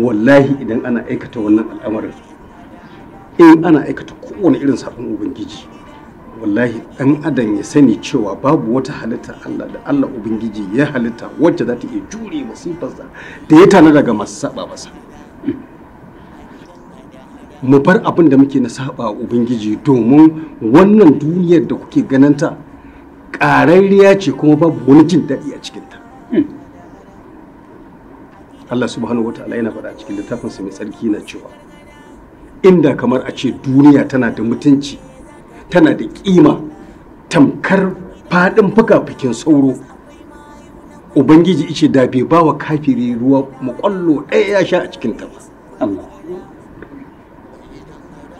wallahi idan ana aikata wannan al'amarin in ana aikata kowane irin sabon ubangiji wallahi ɗan adam ya sani cewa babu wata halitta Allah da Allah ubangiji ya halitta wacce za ta iya jure masifarsa da ya tana daga masu saba masa mu bar abin da muke na saba ubangiji domin wannan duniyar da kuke ganin ta ƙararriya ce kuma babu wani jin daɗi a cikin Allah subhanahu wataala yana faɗa cikin littafinsa mai tsarki na cewa inda kamar a ce duniya tana da mutunci tana da kima tamkar faɗin fuka-fukin sauro ubangiji ice da bai ba wa kafiri ruwa makwallo ɗaya ya sha a cikin ta ba Allah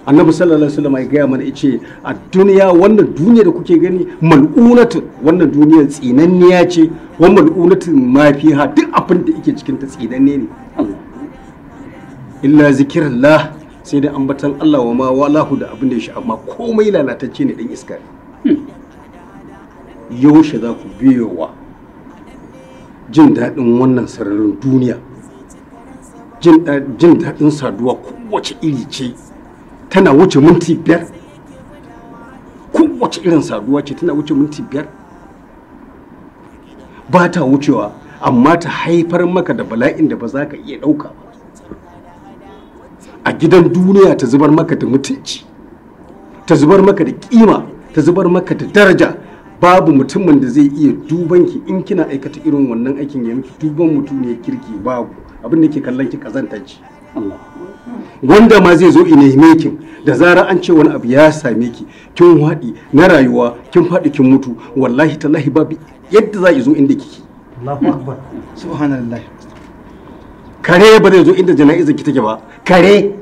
annabi sallallahu alaihi wasallam ya gaya mana yace a duniya wannan duniya da kuke gani mal'unatu wannan duniyar tsinanniya ce wa mal'unatu mafiha duk abin da yake cikin ta tsinanne ne illa zikrullah sai dai ambatan Allah wa ma walahu da abin da shi amma komai lalatacce ne dan iska yaushe za ku biyowa jin daɗin wannan sararin duniya jin daɗin saduwa kowace iri ce tana wuce minti biyar kowace irin saduwa ce tana wuce minti biyar ba ta wucewa amma ta haifar maka da bala'in da ba za ka iya ɗauka ba a gidan duniya ta zubar maka da mutunci ta zubar maka da kima ta zubar maka da daraja babu mutumin da zai iya duban ki in kina aikata irin wannan aikin ya miki duban mutum ne kirki babu abin da ke kallon ki kazantanci Allah wanda ma zai zo ina neme ki da zarar an ce wani abu ya same ki kin waɗi na rayuwa kin faɗi kin mutu wallahi tallahi babu yadda za zo inda kike Allahu akbar kare ba zai zo inda jana'izar ki take ba kare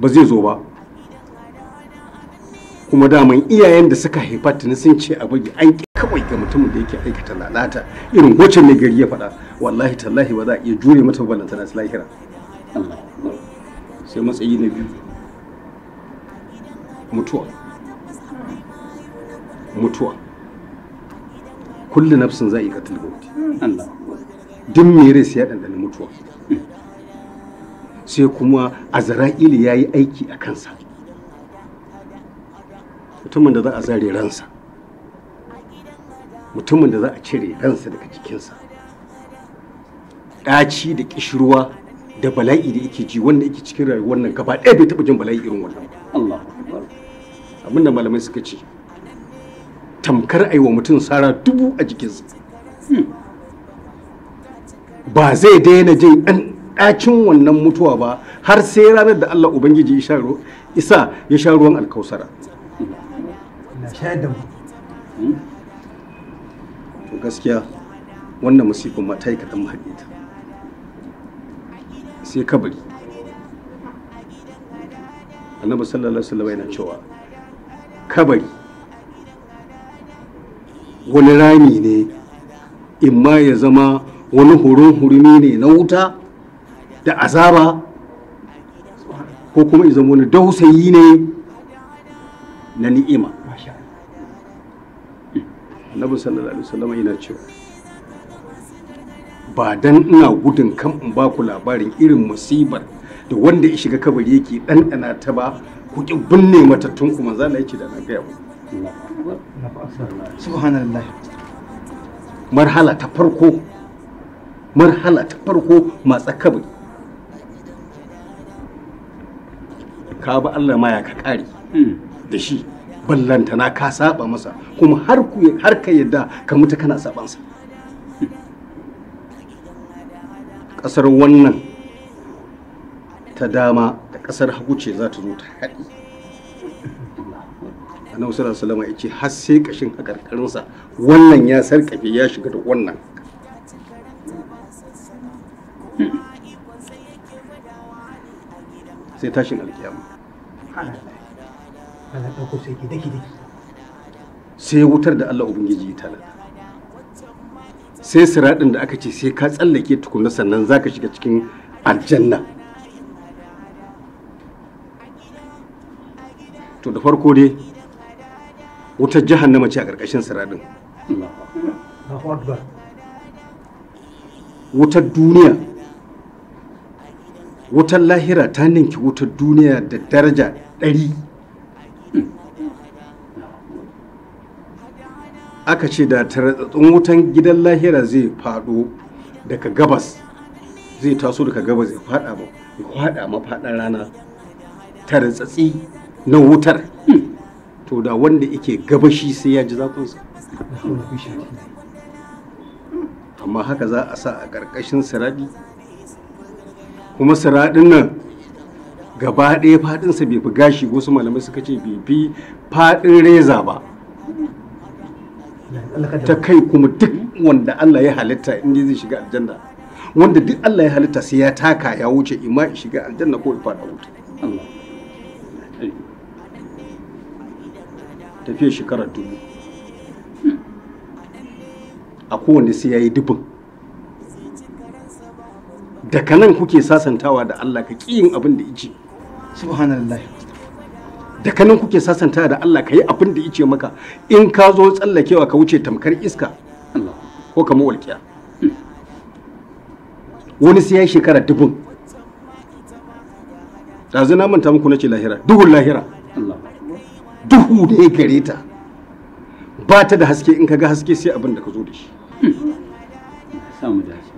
ba zai zo ba kuma daman iyayen da suka haifa tuni sun ce a bugi an kawai ga mutumin da yake aikata lalata irin wacce mai gari ya faɗa wallahi tallahi ba za a iya jure mata balantana lahira Allah sai matsayi na biyu mutuwa mutuwa kullu nafsin yi katil gauti Allah duk mai rai sai ya dandana mutuwa sai kuma azra'il ya yi aiki a kansa mutumin da za a zare ransa mutumin da za a cire ransa daga jikinsa ɗaci da ƙishirwa da bala'i da yake ji wanda yake cikin rayuwar nan gaba ɗaya bai taɓa jin bala'i irin wannan Allah abinda malamai suka ce tamkar aiwa mutum sara dubu a jikinsa hmm. ba zai daina jin ɗan ɗakin wannan mutuwa ba har sai ranar da Allah Ubangiji isa ya sha ruwan alkausara. Hmm. gaskiya wannan musibin ma ta yi kaɗan mahaɗi ta. sai kabari annabi sallallahu alaihi wasallam yana cewa kabari wani rami ne in ma ya zama wani horon hurumi ne na wuta da azaba ko kuma izan wani dausayi ne na ni'ima annabi sallallahu alaihi wasallam yana cewa ba dan ina gudun kan in ba ku labarin irin musibar da wanda ya shiga kabari yake ɗanɗana ta ba ku ki binne tun kuma za na yake da na gaya marhala ta farko marhala ta farko matsa kabari ka ba Allah ma ya ka kare hmm. da shi ballanta na ka saba masa kuma har ku har ka yadda ka mutu kana sabansa sa ƙasar wannan ta dama da ƙasar hagu ce za ta zo ta haɗi annabi sallallahu salama ya ce har sai kashin haƙarƙarinsa. wannan ya sarkafe ya shiga da wannan sai tashin alkiyama sai wutar da Allah ubangiji ya talata sai siraɗin da aka ce sai ka tsallake tukunna sannan zaka shiga cikin aljanna to da farko dai wutar jahannama ce a ƙarƙashin siraɗin wutar duniya wutar lahira ta ninki wutar duniya da daraja ɗari aka ce da taratsatsun wutan gidan lahira zai faɗo daga gabas zai taso daga gabas ya faɗa ba ya faɗa mafaɗar rana taratsatsi na wutar to da wanda yake gabashi sai ya ji zafinsa amma haka za a sa a ƙarƙashin siraɗi kuma siraɗin nan gaba ɗaya faɗinsa bai fi gashi wasu malamai suka ce bai fi faɗin reza ba ta kai kuma duk wanda Allah ya halitta in zai shiga aljanna wanda duk Allah ya halitta sai ya taka ya wuce ima ya shiga aljanna ko ya fada wuta tafiya shekarar dubu a kowanne sai ya yi dubin daga nan kuke sasantawa da Allah ka ƙi yin abin da ice subhanallah da kanin kuke sasanta da Allah ka yi abin da yace maka in ka zo tsallakewa ka wuce tamkar iska ko ka walƙiya wani sai ya shekara dubun ɗazu na manta muku nace lahira duhun lahira duhu da ya gareta ta ba ta da haske in ka ga haske sai abin da ka zo da shi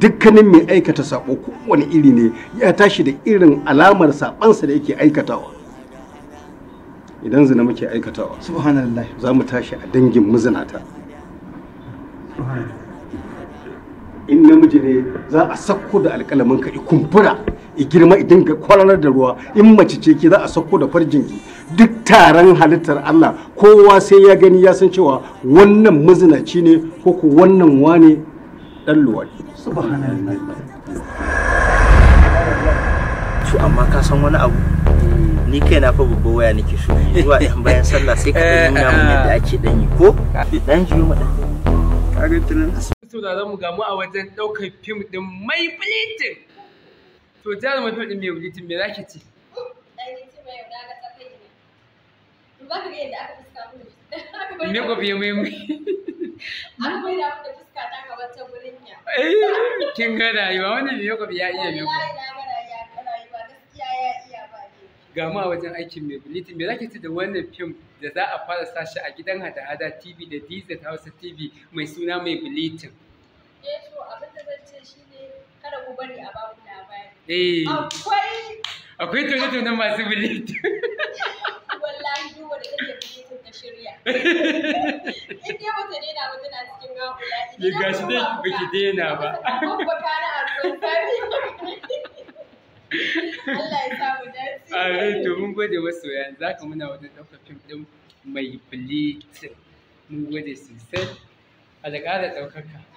dukkanin mai aikata sako kowane iri ne ya tashi da irin alamar sabansa da yake aikatawa idan zina muke aikatawa subhanallah za mu tashi a dangin mazinata in namiji ne za a sakko da alkalamin ka kumbura i girma idan ka kwalanar da ruwa in mace ce ki za a sakko da farjin ki duk taron halittar Allah kowa sai ya gani ya san cewa wannan mazinaci ne ko ko wannan wane dan luwadi subhanallah to amma ka san wani abu ni kai na fa babban waya nake so zuwa dan bayan sallah sai ka nuna mun yadda ake dan yi ko dan jiyo mu dan kaga tunan to da zamu mu a wajen daukar fim din mai bleeding to ta din mai bleeding me zaki ce ko biyo mai mai. An bai ya. Eh, kin ga rayuwa wannan ko iya ga mu a wajen aikin mai bilitin, me zaki ci da wannan fim da za a fara sashi a gidan hada-hada tv da dz hausa tv mai suna mai bulletin eh to abin da zan ce shine kada ku bari a babu labari eh. akwai akwai tone-tone masu bulletin wallahi duk wanda kake bulletin ta shirya in dai wata daina ba tana cikin gagula idan ba ki daina ba ba ta na a Allah ya sa dace. Amin to mun gode masoya yanzu haka muna wani ɗaukar fim ɗin mai bulletin. Mun gode sosai. Allah ƙara ɗaukaka.